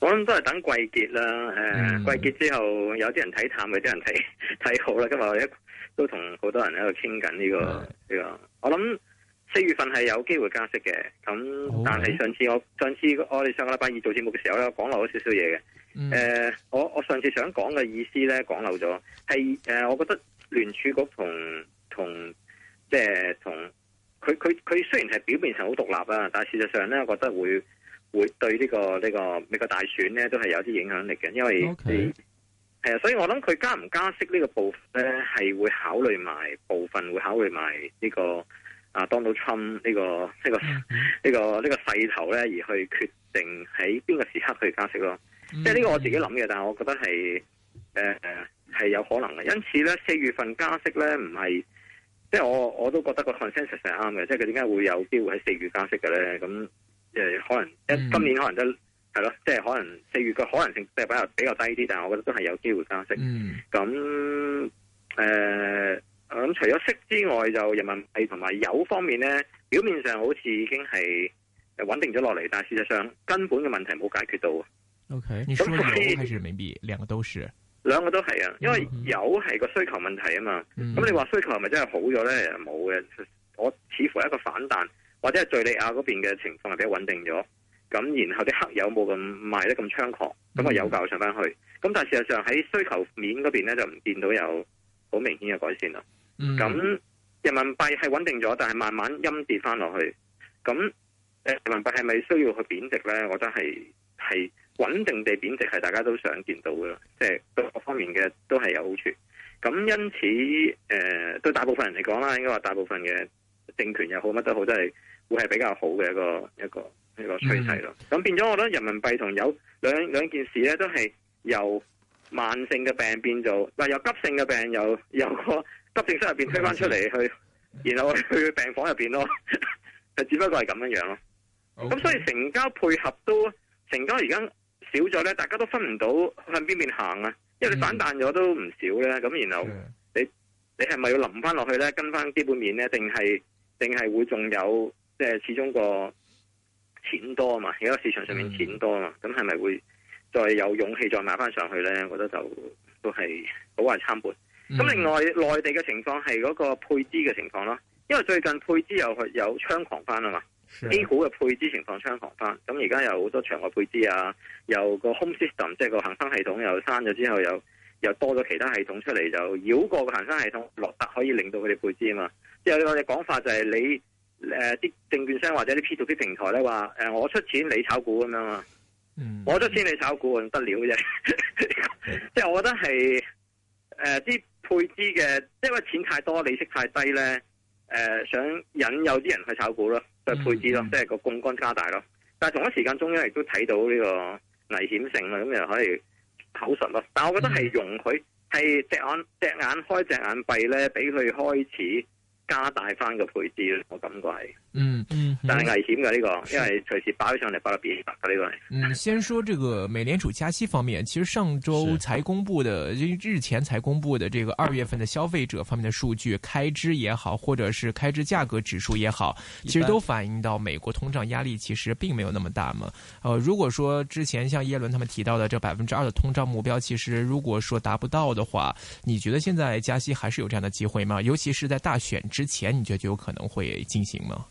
我諗都係等季結啦，誒、呃嗯，季結之後有啲人睇淡，有啲人睇睇好啦。今日我哋都同好多人喺度傾緊呢個呢、這個。我諗四月份係有機會加息嘅，咁、okay. 但係上次我上次我哋上個禮拜二做節目嘅時候咧，講漏咗少少嘢嘅。誒，我、嗯呃、我,我上次想講嘅意思咧，講漏咗，係誒、呃，我覺得聯儲局同同即係同佢佢佢雖然係表面上好獨立啊，但係事實上咧，我覺得會。會對呢個呢個美國大選咧都係有啲影響力嘅，因為你係啊，所以我諗佢加唔加息呢個部分咧係會考慮埋部分，會考慮埋呢個啊 Donald Trump 呢個呢個呢個呢個勢頭咧，而去決定喺邊個時刻去加息咯。即係呢個我自己諗嘅，但係我覺得係誒係有可能嘅。因此咧，四月份加息咧唔係，即係我我都覺得個 consensus 係啱嘅，即係佢點解會有機會喺四月加息嘅咧？咁。即係可能一今年可能都係咯，即、嗯、係、就是、可能四月嘅可能性即係比較比較低啲，但係我覺得都係有機會加息。咁、嗯、誒，咁、呃、除咗息之外，就人民幣同埋油方面咧，表面上好似已經係穩定咗落嚟，但係事實上根本嘅問題冇解決到。O K，咁所以還是人民幣兩個都是兩個都係啊，因為油係個需求問題啊嘛。咁、嗯、你話需求係咪真係好咗咧？冇嘅，我似乎係一個反彈。或者係敍利亞嗰邊嘅情況係比較穩定咗，咁然後啲黑油冇咁賣得咁猖狂，咁、mm、啊 -hmm. 有價上翻去，咁但係事實上喺需求面嗰邊咧就唔見到有好明顯嘅改善啦。咁、mm -hmm. 人民幣係穩定咗，但係慢慢陰跌翻落去。咁人民幣係咪需要去貶值咧？我覺得係係穩定地貶值係大家都想見到嘅，即、就、係、是、各方面嘅都係有好處。咁因此誒、呃，對大部分人嚟講啦，應該話大部分嘅政權又好乜都好都係會係比較好嘅一個一個一個，一個趨勢咯。咁、嗯、變咗，我覺得人民幣同有兩兩件事咧，都係由慢性嘅病變做，嗱、呃、由急性嘅病又由有個急症室入邊推翻出嚟去， 然後去，去病房入邊咯。 就只不過係咁樣樣咯。咁、okay. 所以成交配合都成交而家少咗咧，大家都分唔到向邊邊行啊。因為你反彈咗都唔少咧，咁然後你、嗯、你係咪要冧翻落去咧，跟翻基本面咧，定係定係會仲有？即係始終個錢多啊嘛，而家市場上面錢多啊嘛，咁係咪會再有勇氣再買翻上去咧？我覺得就都係好壞參半。咁、嗯、另外內地嘅情況係嗰個配資嘅情況咯，因為最近配資又有猖狂翻啊嘛的，A 股嘅配資情況猖狂翻。咁而家有好多場外配資啊，有個 home system 即係個恆生系統又刪咗之後，又又多咗其他系統出嚟，就繞過個恆生系統，落得可以令到佢哋配資啊嘛。即係我哋講法就係你。誒、呃，啲證券商或者啲 P to P 平台咧話，誒、呃，我出錢你炒股咁樣啊、嗯，我出錢你炒股，得了嘅啫。即係我覺得係誒啲配資嘅，因為錢太多，利息太低咧，誒、呃，想引誘啲人去炒股咯，就是、配資咯，即、嗯、係、就是、個槓杆加大咯、嗯。但係同一時間，中央亦都睇到呢個危險性啦，咁又可以考察咯。但係我覺得係容許，係、嗯、隻眼隻眼開隻眼閉咧，俾佢開始。加大翻個配置咧，我感覺係。嗯嗯，嗯，但係危險嘅呢個，因為隨時爆起上嚟，爆到變白嘅呢個。嗯，先說這個美聯儲加息方面，其實上周才公布的，因為、就是、日前才公布的這個二月份的消費者方面的數據，開支也好，或者是開支價格指數也好，其實都反映到美國通脹壓力其實並沒有那麼大嘛。呃，如果說之前像耶倫他們提到的這百分之二的通脹目標，其實如果說達不到的話，你覺得現在加息還是有這樣的機會嗎？尤其是在大選之前，你覺得有可能會進行嗎？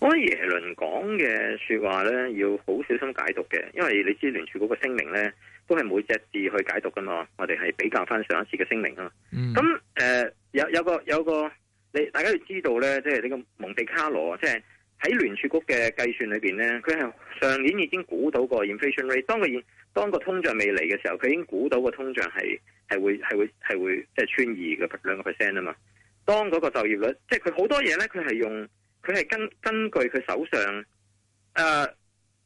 我耶倫講嘅說話咧，要好小心解讀嘅，因為你知聯儲局個聲明咧，都係每隻字去解讀噶嘛。我哋係比較翻上一次嘅聲明啊。咁、嗯、誒、呃，有有個有個你大家要知道咧，即係呢個蒙地卡羅，即係喺聯儲局嘅計算裏邊咧，佢係上年已經估到個 inflation rate 當個。當個當個通脹未嚟嘅時候，佢已經估到個通脹係係會係會係會即係穿二嘅兩個 percent 啊嘛。當嗰個就業率，即係佢好多嘢咧，佢係用。佢係根根據佢手上，誒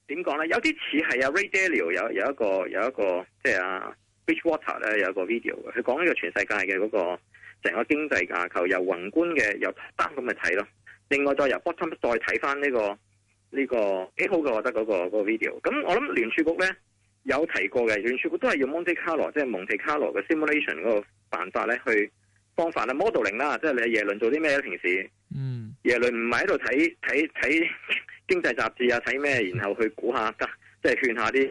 點講咧？有啲似係啊，Ray Dalio 有有一個有一個即係、就是、啊 Bridgewater 咧有一個 video 嘅。佢講呢個全世界嘅嗰個成個經濟架構，由宏觀嘅由單咁嚟睇咯。另外再由 bottom 再睇翻呢個呢、這個幾好嘅，我覺得嗰、那個、那個那個 video。咁我諗聯儲局咧有提過嘅，聯儲局都係用 Monte Carlo 即係蒙特卡羅嘅 simulation 嗰個辦法咧去。方法啦，modeling 啦，即係你係耶倫做啲咩？平時嗯耶倫唔係喺度睇睇睇經濟雜誌啊，睇咩，然後去估下，即係勸下啲，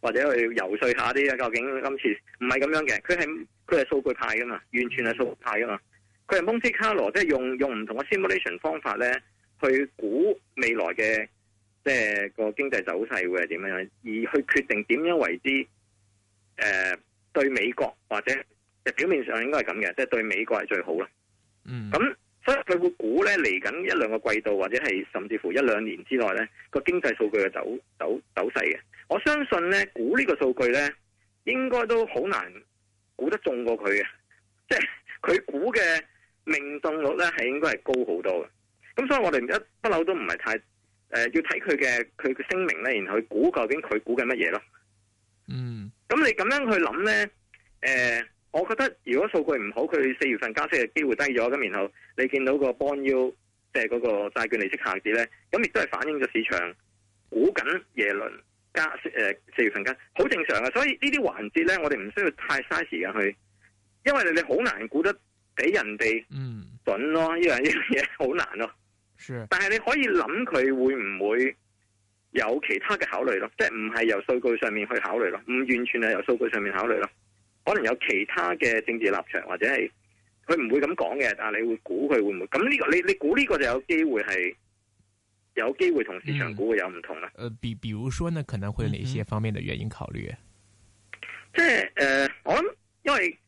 或者去遊說一下啲啊。究竟今次唔係咁樣嘅，佢係佢係數據派噶嘛，完全係數據派噶嘛。佢係 Monte Carlo，即係用用唔同嘅 simulation 方法咧，去估未來嘅即係個經濟走勢會係點樣，而去決定點樣為之。誒、呃，對美國或者。表面上應該係咁嘅，即係對美國係最好啦。嗯，咁所以佢會估咧，嚟緊一兩個季度，或者係甚至乎一兩年之內咧個經濟數據嘅走走走勢嘅。我相信咧，估呢個數據咧應該都好難估得中過佢嘅，即係佢估嘅命中率咧係應該係高好多嘅。咁所以我哋一,一不嬲都唔係太誒，要睇佢嘅佢嘅聲明咧，然後去估究竟佢估緊乜嘢咯。嗯，咁你咁樣去諗咧，誒？我覺得如果數據唔好，佢四月份加息嘅機會低咗，咁然後你見到個 bond yield 即係嗰個債券利息下跌咧，咁亦都係反映咗市場估緊耶倫加息誒四、呃、月份加，好正常嘅。所以這些環節呢啲環節咧，我哋唔需要太嘥時間去，因為你好難估得比人哋準咯。呢樣呢樣嘢好難咯，啊。但係你可以諗佢會唔會有其他嘅考慮咯？即係唔係由數據上面去考慮咯？唔完全係由數據上面考慮咯。可能有其他嘅政治立場，或者係佢唔會咁講嘅。但係你會估佢會唔會？咁呢、這個你你估呢個就有機會係有機會，會有同市場估會有唔同啦。比、嗯呃，比如說呢，可能會有哪些方面的原因考慮、嗯嗯、即係誒、呃，我諗因為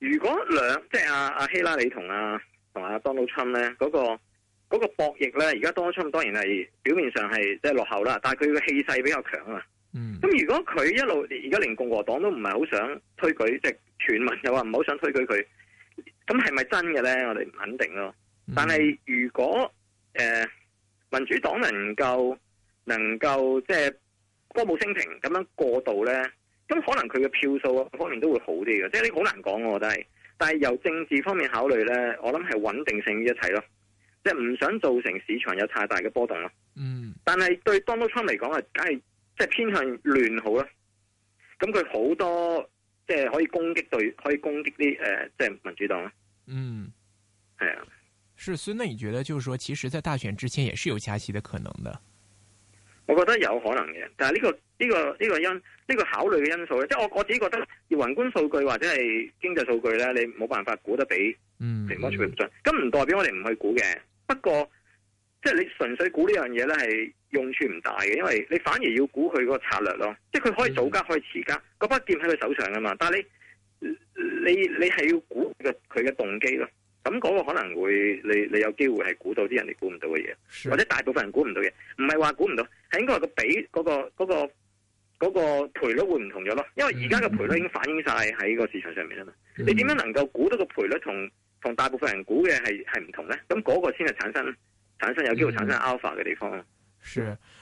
如果兩即係阿阿希拉里同阿同阿 Donald Trump 咧，嗰、那個、那個博弈咧，而家 Donald Trump 當然係表面上係即係落後啦，但係佢嘅氣勢比較強啊。咁、嗯、如果佢一路而家連共和黨都唔係好想推舉，即、就、係、是、全民又話唔好想推舉佢，咁係咪真嘅咧？我哋唔肯定咯。但係如果誒、呃、民主黨能夠能夠即係歌舞升平咁樣過渡咧，咁可能佢嘅票數方面都會好啲嘅。即係你好難講，我覺得。但係由政治方面考慮咧，我諗係穩定性一齊咯，即係唔想造成市場有太大嘅波動咯。嗯。但係對 Donald Trump 嚟講啊，梗係。即、就、係、是、偏向亂好啦，咁佢好多即係、就是、可以攻擊對，可以攻擊啲誒，即係民主黨啦。嗯，係啊，是孫，那你覺得就是說，其實，在大選之前，也是有加息嘅可能嘅。我覺得有可能嘅，但係呢、這個呢、這個呢、這個因呢、這個考慮嘅因素咧，即、就、係、是、我我自己覺得，宏觀數據或者係經濟數據咧，你冇辦法估得比，比出不準，嗯，比 market 上咁唔代表我哋唔去估嘅，不過。即係你純粹估呢樣嘢咧，係用處唔大嘅，因為你反而要估佢嗰個策略咯。即係佢可以早加，可以遲加，嗰筆錢喺佢手上噶嘛。但係你你你係要估個佢嘅動機咯。咁嗰個可能會你你有機會係估到啲人哋估唔到嘅嘢，或者大部分人估唔到嘅，唔係話估唔到，係應該個比嗰個嗰個嗰個賠率會唔同咗咯。因為而家嘅賠率已經反映晒喺個市場上面吖嘛。你點樣能夠估到個賠率同同大部分人估嘅係係唔同咧？咁嗰個先係產生。產生有機會產生 alpha 嘅地方啊！嗯，是。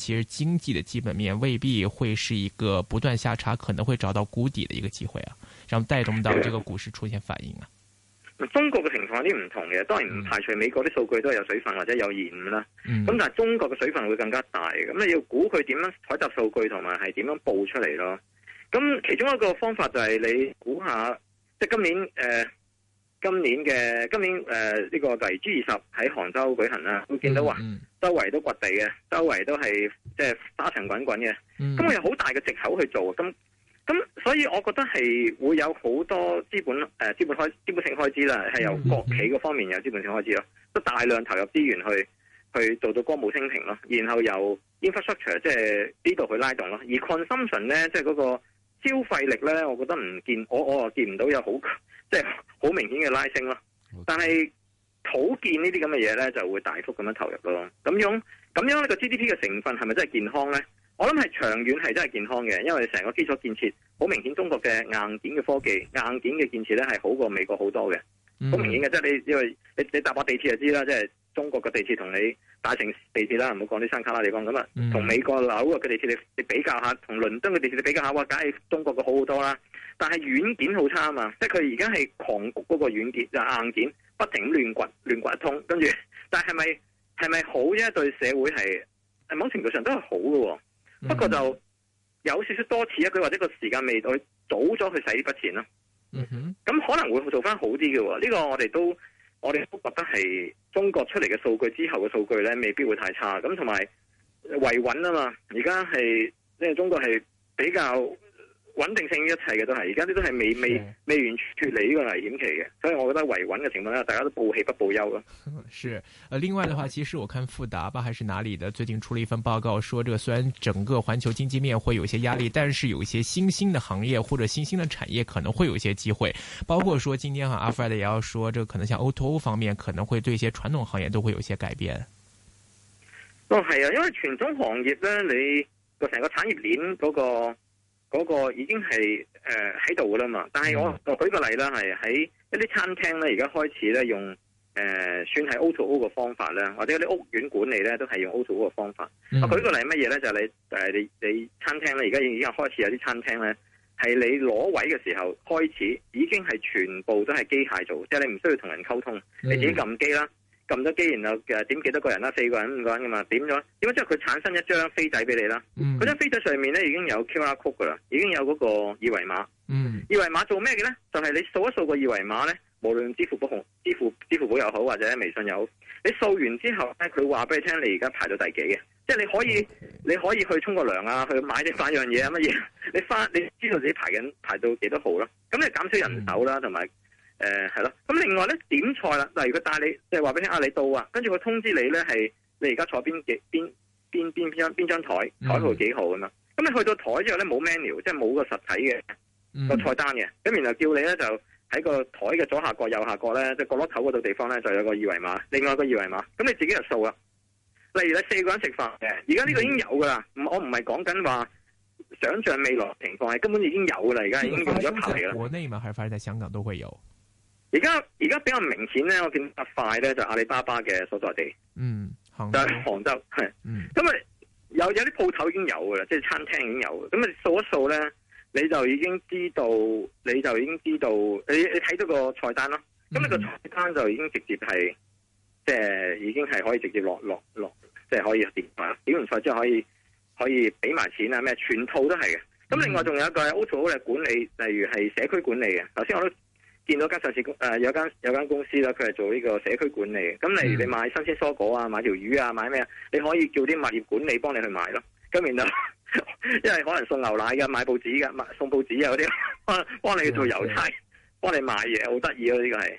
其實經濟的基本面未必會是一個不斷下差，可能會找到谷底的一個機會啊，然後帶動到這個股市出現反應啊。中國嘅情況有啲唔同嘅，當然唔排除美國啲數據都係有水分或者有延誤啦。咁、嗯、但係中國嘅水分會更加大，咁你要估佢點樣採集數據同埋係點樣報出嚟咯。咁其中一個方法就係你估下，即係今年誒。呃今年嘅今年誒呢、呃這個 G 二十喺杭州舉行啦，會、mm -hmm. 見到啊，周圍都掘地嘅，周圍都係即係沙塵滾滾嘅。咁、mm、我 -hmm. 有好大嘅藉口去做，咁咁所以我覺得係會有好多資本誒、呃、資本開資本性開支啦，係由國企嗰方面有資本性開支咯，都、mm -hmm. 大量投入資源去去做到歌舞升平咯，然後由 infrastructure 即係呢度去拉動咯。而 consumption 咧，即係嗰個消費力咧，我覺得唔見我我又見唔到有好。即係好明顯嘅拉升咯，但係土建呢啲咁嘅嘢咧就會大幅咁樣投入咯。咁樣咁樣呢個 GDP 嘅成分係咪真係健康咧？我諗係長遠係真係健康嘅，因為成個基礎建設好明顯，中國嘅硬件嘅科技、硬件嘅建設咧係好過美國好多嘅。好明顯嘅，嗯、即係你因為你你搭下地鐵就知啦，即係中國嘅地鐵同你大城地鐵啦，唔好講啲山卡拉地方咁啊，同、嗯、美國樓嘅地鐵你你比較下，同倫敦嘅地鐵你比較下，哇，梗係中國嘅好好多啦。但係軟件好差啊嘛，即係佢而家係狂谷嗰個軟件就硬件不停咁亂掘亂掘一通，跟住，但係咪係咪好啫？對社會係某程度上都係好嘅，不過就有少少多次，一句或者個時間未到早咗去使呢筆錢咯。咁、mm -hmm. 可能會做翻好啲嘅喎。呢、呢個我哋都我哋都覺得係中國出嚟嘅數據之後嘅數據咧，未必會太差。咁同埋維穩啊嘛，而家係即係中國係比較。穩定性一切嘅都係，而家呢都係未未未完脫離呢個危險期嘅，所以我覺得維穩嘅情況下，大家都報喜不報憂咯。是，誒、呃，另外嘅話，其實我看富達吧，還是哪裏的，最近出了一份報告說，說這個雖然整個環球經濟面會有些壓力，但是有一些新興的行業或者新興的產業可能會有一些機會。包括說今天哈，阿 Fred 也要說，這個、可能像 O2O 方面，可能會對一些傳統行業都會有一些改變。都、哦、係啊，因為傳統行業呢，你個成個產業鏈嗰、那個。嗰、那個已經係誒喺度噶啦嘛，但係我我舉個例啦，係喺一啲餐廳咧，而家開始咧用誒算係 O2O 個方法啦，或者嗰啲屋苑管理咧都係用 O2O 個方法。我舉個例乜嘢咧？就係、是、你誒、呃、你你餐廳咧，而家已經開始有啲餐廳咧係你攞位嘅時候開始已經係全部都係機械做，即、就、係、是、你唔需要同人溝通，mm -hmm. 你自己撳機啦。撳咗機然後點幾多個人啦？四個人五個人噶嘛？點咗？點咗之後佢產生一張飛仔俾你啦。嗰、mm. 張飛仔上面咧已經有 QR code 噶啦，已經有嗰個二維碼。二維碼做咩嘅咧？就係、是、你掃一掃個二維碼咧，無論支付寶紅、支付、支付寶又好或者微信又好，你掃完之後咧，佢話俾你聽你而家排到第幾嘅。即係你可以，okay. 你可以去沖個涼啊，去買啲翻樣嘢啊，乜嘢？你翻你知道自己排緊排到幾多號啦？咁你減少人手啦，同埋。誒、嗯，係咯，咁另外咧點菜啦，例如佢帶你即係話俾你啊，你到啊，跟住佢通知你咧係你而家坐邊幾邊邊邊邊張邊張台台號幾號咁啦。咁你、嗯嗯嗯、去到台之後咧冇 menu，即係冇個實體嘅個菜單嘅，咁然後叫你咧就喺個台嘅左下角、右下角咧，即係角落頭嗰度地方咧就有個二維碼，另外一個二維碼，咁你自己就掃啦。例如你四個人食飯嘅，而家呢個已經有噶啦、嗯，我唔係講緊話想象未來的情況，係根本已經有噶啦，而家已經用咗排啦。這個、國內嘛，還快喺香港都會有。而家而家比較明顯咧，我見得快咧就是、阿里巴巴嘅所在地，嗯，喺杭州，係、就是，咁啊、嗯、有有啲鋪頭已經有噶啦，即、就、係、是、餐廳已經有了，咁啊掃一掃咧，你就已經知道，你就已經知道，你你睇到個菜單咯，咁、嗯、你個菜單就已經直接係即係已經係可以直接落落落，即係、就是、可以點啊，點完菜之後可以可以俾埋錢啊，咩全套都係嘅，咁、嗯、另外仲有一個係 O2O 嘅管理，例如係社區管理嘅，頭先我都。見到間上市公，誒，有間有間公司咧，佢係做呢個社區管理嘅。咁例如你買新鮮蔬果啊，買條魚啊，買咩啊，你可以叫啲物業管理幫你去買咯。咁然就，因為可能送牛奶噶，買報紙噶，買送報紙啊嗰啲，幫幫你做郵差，幫、嗯、你買嘢，好得意啊，呢個係。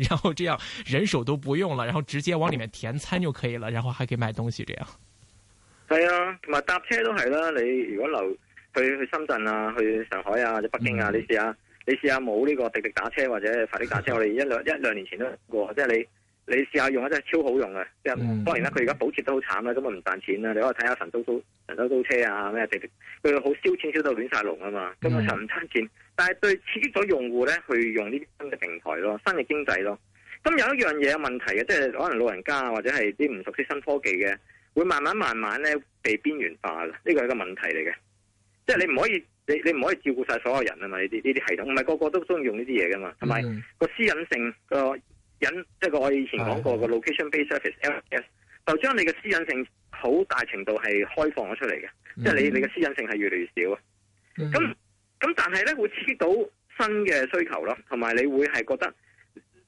然後這樣人手都不用了，然後直接往裏面填餐就可以了，然後還可以買東西，這樣。係啊，同埋搭車都係啦。你如果留去去深圳啊、去上海啊、或者北京啊，你試下，你試下冇呢個滴滴打車或者快的打車，嗯、我哋一兩一兩年前都過，即係你。你試下用下真係超好用嘅，即係當然啦。佢而家補貼都好慘啦，根本唔賺錢啦。你可以睇下神州租神州租車啊咩地，佢好燒錢燒到亂晒龍啊嘛，根本就唔差錢。嗯、但係對刺激咗用戶咧去用呢啲新嘅平台咯，新嘅經濟咯。咁有一樣嘢有問題嘅，即係可能老人家或者係啲唔熟悉新科技嘅，會慢慢慢慢咧被邊緣化啦。呢個係一個問題嚟嘅，即係你唔可以你你唔可以照顧晒所有人啊嘛。呢啲呢啲系統唔係個個都中意用呢啲嘢噶嘛，同埋個私隱性個。引，即係、就是、我以前講過個、啊、location-based service，LBS 就將你嘅私隱性好大程度係開放咗出嚟嘅，即、嗯、係、就是、你你嘅私隱性係越嚟越少。咁、嗯、咁但係咧會刺激到新嘅需求咯，同埋你會係覺得誒、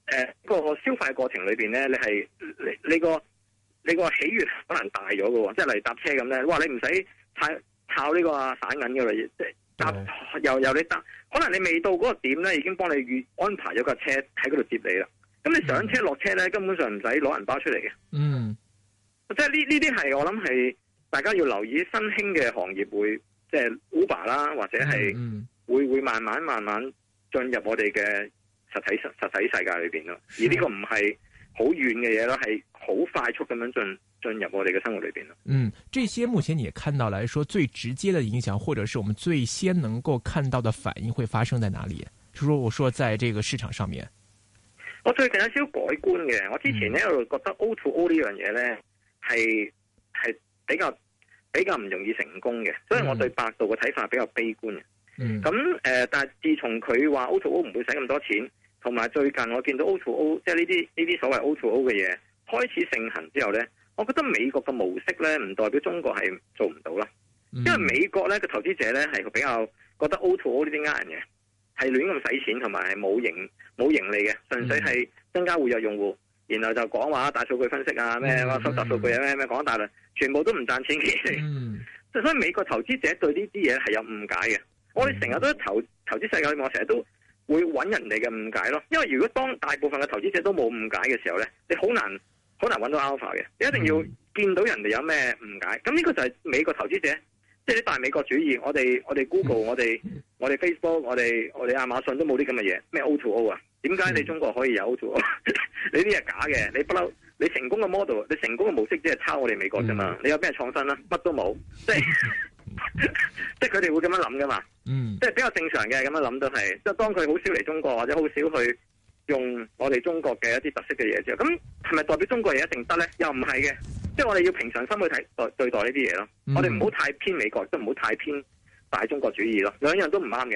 呃那個消費過程裏邊咧，你係你你個你個喜悅可能大咗嘅，即係嚟搭車咁咧，哇你唔使靠靠呢個散銀嘅啦，即係搭又有你搭，可能你未到嗰個點咧，已經幫你預安排咗架車喺嗰度接你啦。咁你上車落車咧、嗯，根本上唔使攞銀包出嚟嘅。嗯，即係呢呢啲係我諗係大家要留意新興嘅行業會，會即係 Uber 啦，或者係會會慢慢慢慢進入我哋嘅實體實實體世界裏邊咯。而呢個唔係好遠嘅嘢咯，係、嗯、好快速咁樣進進入我哋嘅生活裏邊咯。嗯，這些目前你看到來說最直接的影響，或者是我們最先能夠看到的反應，會發生在哪裏？就是、說我說，在這個市場上面。我最近有少少改觀嘅，我之前咧，我、mm -hmm. 覺得 O to O 呢樣嘢咧，係係比較比較唔容易成功嘅，所以我對百度嘅睇法比較悲觀嘅。嗯、mm -hmm.，咁、呃、誒，但係自從佢話 O to O 唔會使咁多錢，同埋最近我見到 O to O，即係呢啲呢啲所謂 O to O 嘅嘢開始盛行之後咧，我覺得美國嘅模式咧，唔代表中國係做唔到啦。Mm -hmm. 因為美國咧嘅投資者咧係比較覺得 O to O 呢啲呃人嘅，係亂咁使錢，同埋係冇影。冇盈利嘅，純粹係增加活躍用戶，mm. 然後就講話大數據分析啊，咩話收集數據啊，咩咩講大輪，全部都唔賺錢嘅。Mm. 所以美國投資者對呢啲嘢係有誤解嘅。Mm. 我哋成日都投投資世界裏面，我成日都會揾人哋嘅誤解咯。因為如果當大部分嘅投資者都冇誤解嘅時候呢，你好難好難揾到 alpha 嘅。你一定要見到人哋有咩誤解，咁、mm. 呢個就係美國投資者，即係你大美國主義。我哋我哋 Google，我哋我哋 Facebook，我哋我哋亞馬遜都冇啲咁嘅嘢，咩 O to O 啊。點解你中國可以有？做 你啲係假嘅，你不嬲你成功嘅 model，你成功嘅模式只係抄我哋美國啫嘛，嗯。你有咩創新呀？乜都冇，即係 即係佢哋會咁樣諗噶嘛？嗯，即係比較正常嘅咁樣諗都係，即係當佢好少嚟中國或者好少去用我哋中國嘅一啲特色嘅嘢之後，咁係咪代表中國人一定得咧？又唔係嘅，即係我哋要平常心去睇對，對待呢啲嘢咯。我哋唔好太偏美國，亦都唔好太偏大中國主義咯。兩樣都唔啱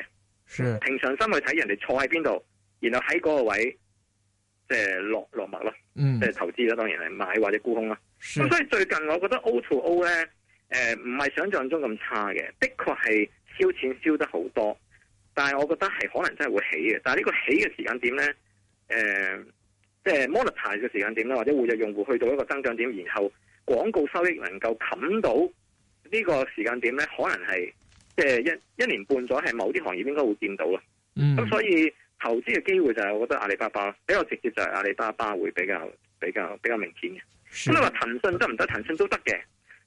嘅，平常心去睇人哋錯喺邊度。然後喺嗰個位、呃落落嗯，即係落落墨咯，即係投資咧，當然係買或者沽空啦。咁、嗯、所以最近我覺得 O to O 咧，誒唔係想象中咁差嘅，的確係燒錢燒得好多，但係我覺得係可能真係會起嘅。但係呢個起嘅時間點咧，誒、呃，即係 Monetize 嘅時間點啦，或者活躍用戶去到一個增長點，然後廣告收益能夠冚到呢個時間點咧，可能係即係一一年半左右，係某啲行業應該會見到啦。咁、嗯嗯、所以。投資嘅機會就係我覺得阿里巴巴比較直接，就係阿里巴巴會比較比較比較明顯嘅。咁你話騰訊得唔得？騰訊都得嘅，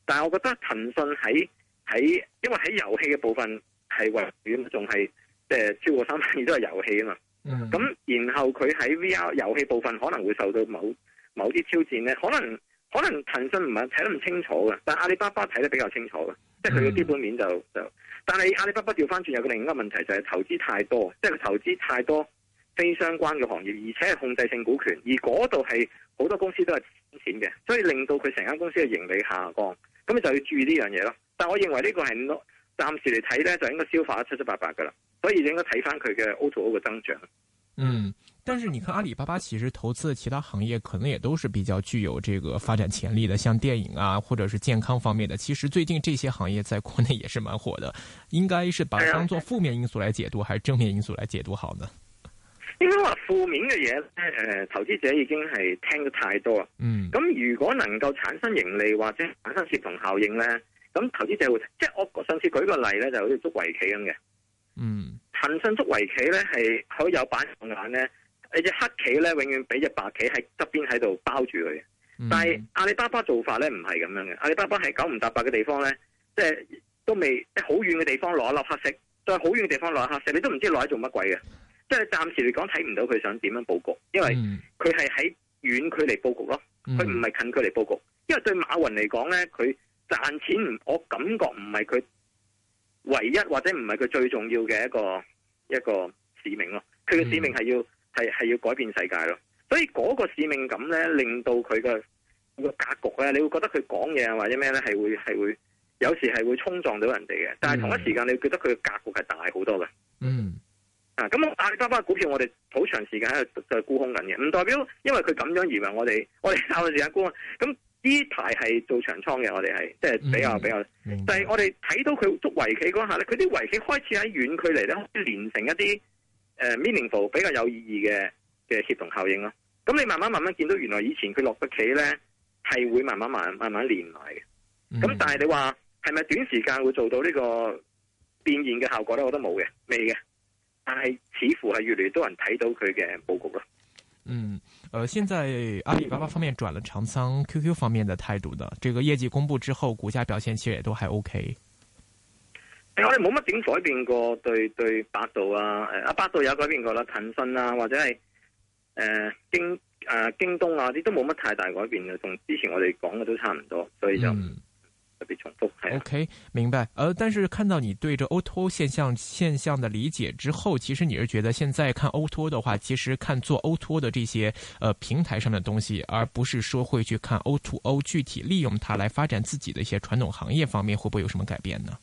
但係我覺得騰訊喺喺因為喺遊戲嘅部分係還遠，仲係即係超過三分二都係遊戲啊嘛。咁、mm -hmm. 然後佢喺 VR 遊戲部分可能會受到某某啲挑戰咧，可能可能騰訊唔係睇得唔清楚嘅，但係阿里巴巴睇得比較清楚嘅，即係佢嘅基本面就就。但係阿里巴巴調翻轉有個另一個問題就係投資太多，即係佢投資太多非相關嘅行業，而且係控制性股權，而嗰度係好多公司都係燒錢嘅，所以令到佢成間公司嘅盈利下降，咁你就要注意呢樣嘢咯。但係我認為這個是暫呢個係暫時嚟睇咧，就應該消化得七七八八噶啦，所以你應該睇翻佢嘅 O2O 嘅增長。嗯，但是你看阿里巴巴其實投資的其他行業可能也都是比較具有這個發展潛力的，像電影啊，或者是健康方面的。其實最近這些行業在國內也是蠻火的，應該是把當做負面因素來解讀，還是正面因素來解讀好呢？應該話負面嘅嘢咧，誒、呃，投資者已經係聽得太多了。嗯。咁如果能夠產生盈利或者產生協同效應呢？咁投資者會即係我上次舉個例咧，就好似捉圍棋咁嘅。嗯。騰訊捉圍棋咧係好有板有眼咧，你隻黑棋咧永遠俾隻白棋喺側邊喺度包住佢嘅。但係阿里巴巴做法咧唔係咁樣嘅，阿里巴巴係九唔搭八嘅地方咧，即係都未喺好遠嘅地方攞一粒黑色，再好遠嘅地方攞一粒黑色，你都唔知攞嚟做乜鬼嘅。即係暫時嚟講睇唔到佢想點樣佈局，因為佢係喺遠距離佈局咯，佢唔係近距離佈局。嗯、因為對馬雲嚟講咧，佢賺錢唔，我感覺唔係佢。唯一或者唔係佢最重要嘅一個一個使命咯、啊，佢嘅使命係要係係、嗯、要改變世界咯，所以嗰個使命感咧令到佢嘅個格局咧、啊，你會覺得佢講嘢或者咩咧係會係會、會有時係會衝撞到人哋嘅，但係同一時間你會覺得佢嘅格局係大好多嘅。嗯，啊咁阿里巴巴股票我哋好長時間喺度在、在沽空緊嘅，唔代表因為佢咁樣而話我哋我哋嗰陣時喺沽咁。呢排係做長倉嘅，我哋係即係比較比較，但、嗯、係、嗯就是、我哋睇到佢捉圍棋嗰下咧，佢啲圍棋開始喺遠距離咧連成一啲誒、呃、meaningful 比較有意義嘅嘅協同效應咯。咁你慢慢慢慢見到原來以前佢落得棋咧係會慢慢慢慢慢，慢連埋嘅。咁、嗯、但係你話係咪短時間會做到呢個變現嘅效果咧？我覺得冇嘅，未嘅。但係似乎係越嚟越多人睇到佢嘅佈局咯。嗯。呃現在阿里巴巴方面轉了長倉，QQ 方面的態度呢？這個業績公布之後，股價表現其實也都還 OK。哎、我哋冇乜點改變過對對百度啊，誒、啊、阿百度有改變過啦，騰訊啊或者係誒、呃、京誒、呃、京東啊啲都冇乜太大改變嘅，同之前我哋講嘅都差唔多，所以就。嗯比較特別重複、啊、O、okay, K，明白、呃。但是看到你對這 O2O 現象現象的理解之後，其實你是覺得現在看 O2O 的話，其實看做 O2O 的這些呃平台上的東西，而不是說會去看 O2O 具體利用它來發展自己的一些傳統行業方面，會不會有什麼改變呢？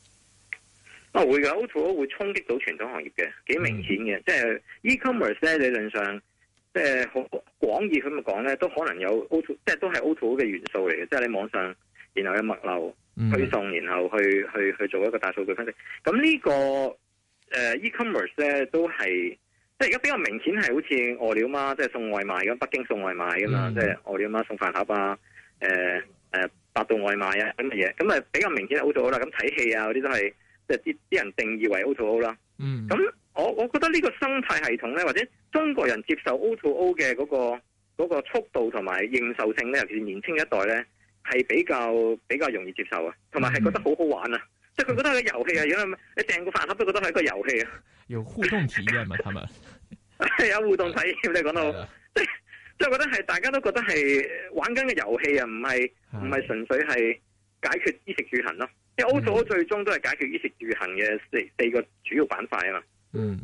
啊，會㗎 O2O 會衝擊到傳統行業的幾明顯的即係、就是、e commerce 咧，理論上，即、就是、廣義咁樣講咧，都可能有 O2O，即都是 O2O 嘅元素嚟嘅，即係你網上。然後有物流推送，然後去去去做一個大數據分析。咁、這個呃 e、呢個誒 e-commerce 咧都係，即係而家比較明顯係好似餓了麼，即係送外賣咁北京送外賣咁嘛，mm -hmm. 即係餓了麼送飯盒啊，誒、呃、誒、呃，百度外賣啊啲嘅嘢，咁啊比較明顯 O2O 啦、啊。咁睇戲啊嗰啲都係，即係啲啲人定義為 O2O 啦。嗯、mm -hmm.，咁我我覺得呢個生態系統咧，或者中國人接受 O2O 嘅嗰個嗰、那個速度同埋認受性咧，尤其是年輕一代咧。係比較比較容易接受啊，同埋係覺得好好玩啊、嗯，即係佢覺得係個遊戲啊，如、嗯、果你訂個飯盒都覺得係一個遊戲啊，有互動體驗嘛，係 有互動體驗，你講得好、嗯、即係即係，覺得係大家都覺得係玩緊嘅遊戲啊，唔係唔係純粹係解決衣食住行咯，即係 O2O 最終都係解決衣食住行嘅四四個主要板塊啊嘛，嗯，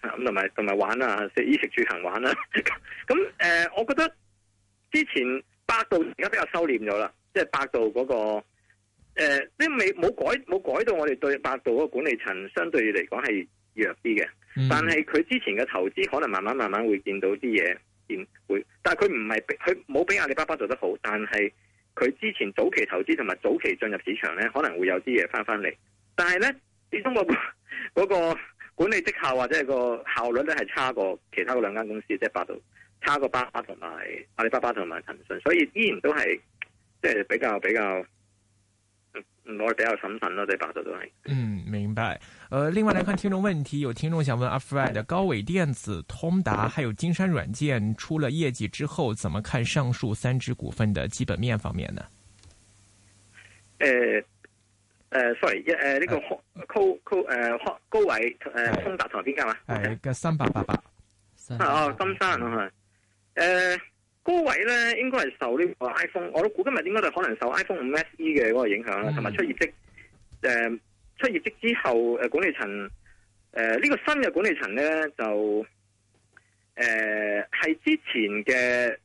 咁同埋同埋玩啊，食衣食住行玩啊。咁 誒、呃，我覺得之前。百度而家比較收斂咗啦，即係百度嗰個誒，即未冇改冇改到我哋對百度嗰個管理層相對嚟講係弱啲嘅。嗯。但係佢之前嘅投資可能慢慢慢慢會見到啲嘢，會，但係佢唔係佢冇比阿里巴巴做得好，但係佢之前早期投資同埋早期進入市場咧，可能會有啲嘢翻翻嚟。但係咧，始終嗰個嗰個管理績效或者係個效率咧，係差過其他嗰兩間公司，即係百度。差過巴巴同埋阿里巴巴同埋騰訊，所以依然都係即係比較比較，我係比較審慎咯，神神啊、對百度都係。嗯，明白。呃，另外嚟看聽眾問題，有聽眾想問：阿、啊、Fred 高偉電子、通達，還有金山軟件出了業績之後，怎麼看上述三隻股份的基本面方面呢？誒、呃、誒、呃、，sorry，誒、呃、呢、這個、啊、高高、呃、高高偉誒通達同邊間啊？係個三八八八。三哦，金山啊。 誒、呃，高位咧應該係受呢個 iPhone，我都估今日應該就可能受 iPhone 五 SE 嘅嗰個影響啦，同、嗯、埋出業績。誒、呃，出業績之後，誒管理層，誒、呃、呢、這個新嘅管理層咧就，誒、呃、係之前嘅，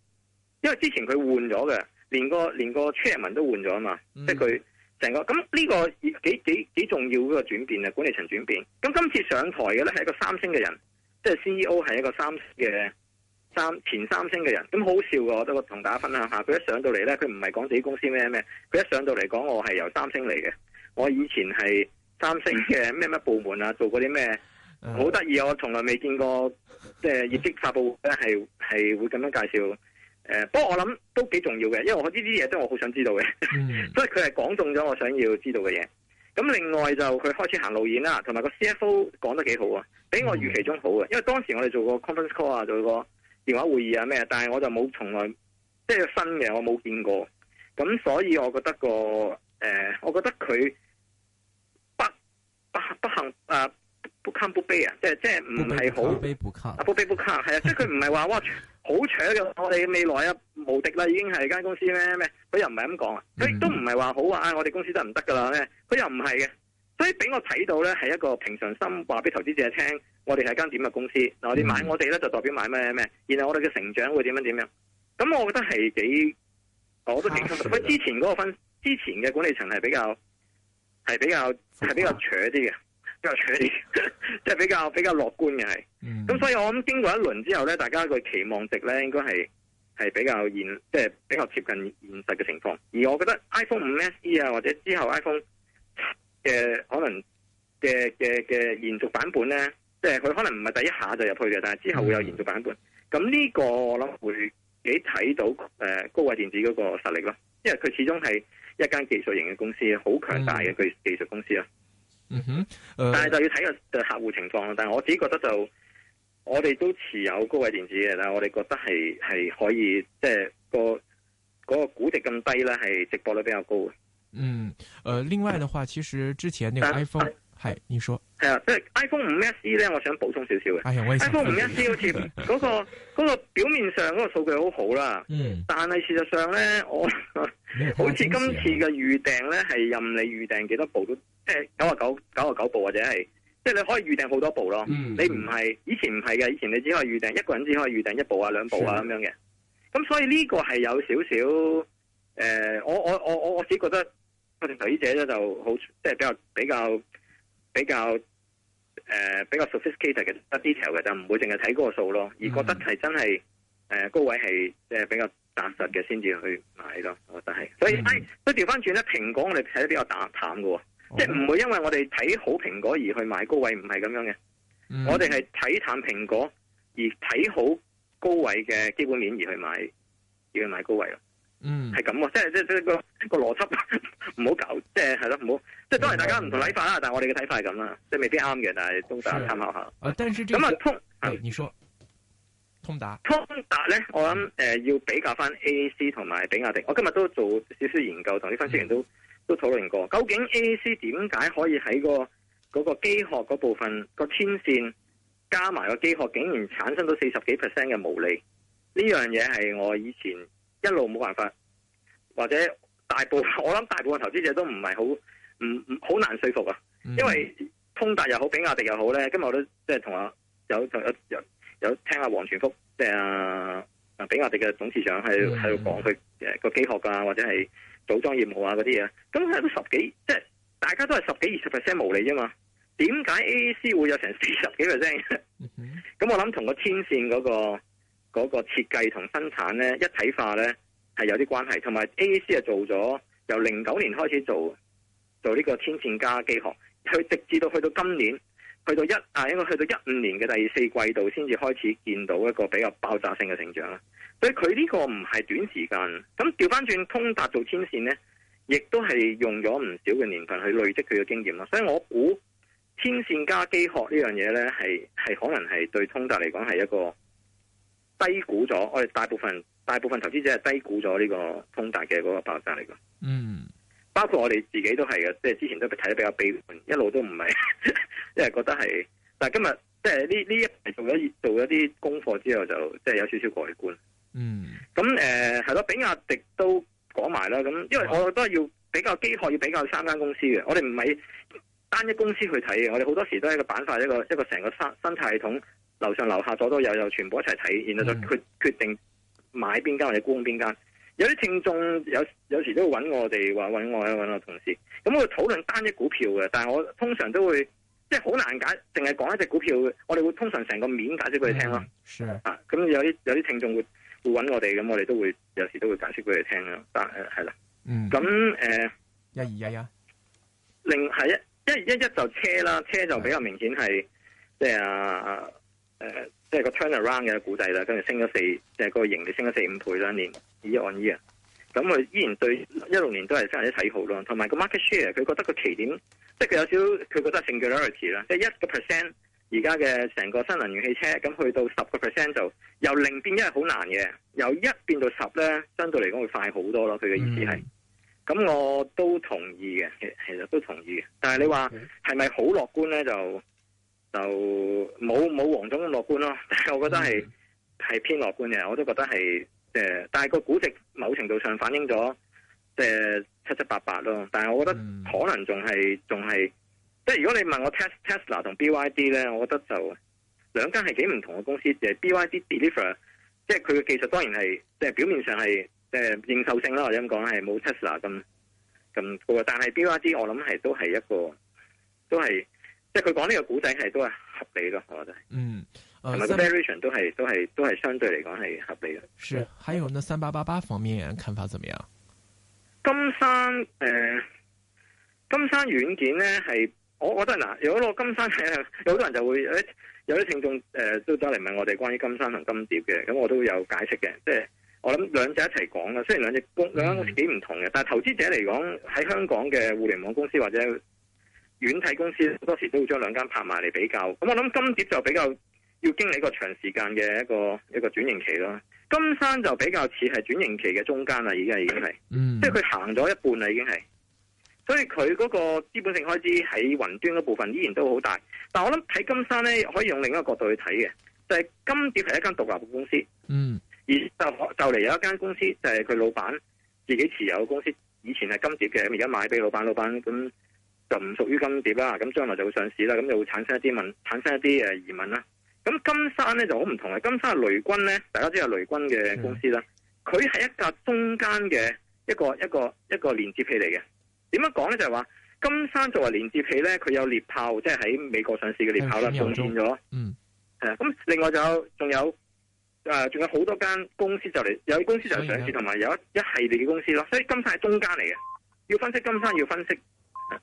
因為之前佢換咗嘅，連個連個 Chairman 都換咗啊嘛，嗯、即係佢成個咁呢個幾幾幾重要嗰個轉變啊，管理層轉變。咁今次上台嘅咧係一個三星嘅人，即、就、係、是、CEO 係一個三星嘅。三前三星嘅人，咁好笑噶，我都同大家分享下。佢一上到嚟呢，佢唔係講自己公司咩咩，佢一上到嚟講我係由三星嚟嘅，我以前係三星嘅咩咩部門啊，做過啲咩，好得意啊！我從來未見過，即、呃、係業績發布會係係會咁樣介紹。誒、呃，不過我諗都幾重要嘅，因為我呢啲嘢都我好想知道嘅，嗯、 所以佢係講中咗我想要知道嘅嘢。咁另外就佢開始行路演啦，同埋個 CFO 講得幾好啊，比我預期中好啊，因為當時我哋做過 conference call 啊，做過。電話會議啊咩？但係我就冇從來，即係新嘅我冇見過，咁所以我覺得個、呃、我覺得佢不不不幸啊，不不不悲啊，即係即唔係好不悲不，悲不悲啊，不悲不悲 即係佢唔係話哇好扯嘅，我哋未來啊無敵啦，已經係間公司咩咩，佢又唔係咁講啊，佢亦都唔係話好話啊，我哋公司得唔得噶啦咩，佢又唔係嘅，所以俾我睇到咧係一個平常心話俾投資者聽。我哋係間點嘅公司，嗱你買我哋咧就代表買咩咩，然後我哋嘅成長會點樣點樣，咁我覺得係幾，我都認同。佢之前嗰個分，之前嘅管理層係比較係比較係比較扯啲嘅，比較扯啲，即 係比較比較樂觀嘅係。咁所以我諗經過一輪之後咧，大家個期望值咧應該係係比較現，即係比較接近現實嘅情況。而我覺得 iPhone 五 SE 啊，或者之後 iPhone 嘅可能嘅嘅嘅延續版本咧。誒，佢可能唔係第一下就入去嘅，但係之後會有延續版本。咁、嗯、呢個我諗會幾睇到誒，高位電子嗰個實力咯。因為佢始終係一間技術型嘅公司，好強大嘅佢技術公司啦。嗯哼，呃、但係就要睇個客戶情況咯。但係我自己覺得就，我哋都持有高位電子嘅，但係我哋覺得係係可以，即、就、係、係、個、嗰個估值咁低咧，係值博率比較高。嗯，誒、呃，另外嘅話，其實之前呢個 iPhone。呃係，你說係啊，即、就、係、是、iPhone 五 S E 咧，我想補充少少嘅。iPhone 五 S E 好似嗰、那個 個表面上嗰個數據很好好啦。嗯，但係事實上咧，我好似今次嘅預訂咧，係任你預訂幾多部都，即係九啊九九啊九部或者係，即係你可以預訂好多部咯、嗯。你唔係以前唔係嘅，以前你只可以預訂一個人只可以預訂一部啊兩部啊咁樣嘅。咁所以呢個係有少少誒，我我我我我自己覺得我哋投資者咧就好即係比較比較。比較比較誒、呃、比較 sophisticated 嘅、得 detail 嘅，就唔會淨係睇嗰個數咯，mm -hmm. 而覺得係真係誒、呃、高位係即係比較扎實嘅，先至去買咯。我覺得係所以，係都調返轉咧，蘋果我哋睇得比較淡淡嘅，oh. 即係唔會因為我哋睇好蘋果而去買高位，唔係咁樣嘅、mm -hmm.。我哋係睇淡蘋果而睇好高位嘅基本面而去買，而去買高位咯。嗯，係咁啊，即係即係個個邏輯唔好搞，即係係咯，唔好即係都係大家唔同睇法啦。但係我哋嘅睇法係咁啦，即係未必啱嘅，但係都大家參考下。咁啊，通，哎、你說通達通達咧，我諗誒、呃、要比較翻 A A C 同埋比亞迪，我今日都做少少研究，同啲分析員都、嗯、都討論過，究竟 A A C 點解可以喺個嗰個機殼嗰部分個天線加埋個機殼，竟然產生到四十幾 percent 嘅毛利？呢樣嘢係我以前。一路冇辦法，或者大部分我諗大部分投資者都唔係好唔唔好難說服啊，因為通達又好比亞迪又好咧。今日我都即係同阿有有有有聽阿王傳福即係阿阿比亞迪嘅董事長喺喺度講佢誒個機殼啊，或者係組裝業務啊嗰啲嘢。咁喺度十幾即係大家都係十幾二十 percent 毛利啫嘛，點解 AAC 會有成四十幾 percent？咁我諗同個天線嗰個。嗰個設計同生產咧，一體化咧係有啲關係，同埋 A A C 係做咗由零九年開始做做呢個天線加機殼，佢直至到去到今年，去到一啊，應該去到一五年嘅第四季度先至開始見到一個比較爆炸性嘅成長啦。所以佢呢個唔係短時間。咁調翻轉通達做天線咧，亦都係用咗唔少嘅年份去累積佢嘅經驗啦。所以我估天線加機殼呢樣嘢咧，係係可能係對通達嚟講係一個。低估咗，我哋大部分大部分投資者係低估咗呢個通達嘅嗰個爆炸嚟嘅。嗯，包括我哋自己都係嘅，即係之前都睇得比較悲觀，一路都唔係，即係覺得係。但係今日即係呢呢一排做咗做咗啲功課之後就、嗯，就即係有少少改觀。嗯，咁誒係咯，比亞迪都講埋啦。咁因為我都係要比較機械，要比較三間公司嘅。我哋唔係單一公司去睇嘅，我哋好多時都係一個板塊，一個一個成個，個生生態系統。樓上樓下左到右又全部一齊睇，然後就決、嗯、決定買邊間或者沽邊間。有啲聽眾有有時都會搵我哋，話搵我一搵我同事，咁、嗯、我會討論單一股票嘅。但係我通常都會即係好難解，淨係講一隻股票。我哋會通常成個面解釋畀佢聽咯、嗯。啊，咁有啲有啲聽眾會會搵我哋，咁我哋都會有時都會解釋畀佢哋聽咯。但係啦，咁誒一二一一，另係一一二一一就車啦，車就比較明顯係即係、啊。誒、呃，即、就、係、是、個 turnaround 嘅估計啦，跟住升咗四，即、就、係、是、個盈利升咗四五倍啦，年、e、on year on year 咁佢依然對一六年都係非常之睇好咯，同埋個 market share，佢覺得個奇點，即係佢有少，佢覺得是 singularity 啦。即係一個 percent，而家嘅成個新能源汽車咁去到十個 percent 就由零變一係好難嘅，由一變,變到十咧相對嚟講會快好多咯。佢嘅意思係，咁、mm -hmm. 我都同意嘅，其實都同意嘅。但係你話係咪好樂觀咧？就就。冇冇王總咁樂觀咯，但係我覺得係係、嗯、偏樂觀嘅，我都覺得係誒、呃，但係個估值，某程度上反映咗誒、呃、七七八八咯。但係我覺得可能仲係仲係，即係、就是、如果你問我 Tesla 同 BYD 咧，我覺得就兩間係幾唔同嘅公司，就係、是、BYD Deliver 即係佢嘅技術當然係即係表面上係誒、呃、認受性啦，或者咁講係冇 Tesla 咁咁高，但係 BYD 我諗係都係一個都係，即係佢講呢個古仔係都係。合理咯，嗯呃嗯呃，我覺得。嗯、呃，呃，三 generation 都係都係都係相對嚟講係合理嘅。是，還有呢三八八八方面看法怎麼樣？金山誒，金山軟件咧係，我我覺得嗱，如果攞金山係，有好多人就會誒，有啲聽眾誒都走嚟問我哋關於金山同金蝶嘅，咁我都有解釋嘅，即、就、係、是、我諗兩隻一齊講啦。雖然兩隻公兩幾唔同嘅，嗯，但係投資者嚟講喺香港嘅互聯網公司或者。軟體公司好多時都會將兩間拍埋嚟比較，咁、嗯、我諗金蝶就比較要經歷一個長時間嘅一個一個轉型期咯，金山就比較似係轉型期嘅中間啦，已經係、嗯，即係佢行咗一半啦，已經係，所以佢嗰個資本性開支喺雲端嗰部分依然都好大，但係我諗睇金山咧，可以用另一個角度去睇嘅，就係、是、金蝶係一間獨立嘅公司，嗯，而就就嚟有一間公司就係、是、佢老闆自己持有嘅公司，以前係金蝶嘅，咁而家買俾老闆，老闆咁。嗯就唔屬於金蝶啦，咁將來就會上市啦，咁就會產生一啲問，產生一啲誒疑問啦。咁金山咧就好唔同嘅，金山係雷軍咧，大家知啊，雷軍嘅公司啦，佢係一間中間嘅一個一個一個連接器嚟嘅。點樣講咧？就係、是、話金山作為連接器咧，佢有獵豹，即係喺美國上市嘅獵豹啦，重建咗。嗯，係啊。咁另外就還有仲、呃、有誒，仲有好多間公司就嚟有公司就上市，同埋有一一系列嘅公司咯。所以金山係中間嚟嘅，要分析金山要分析。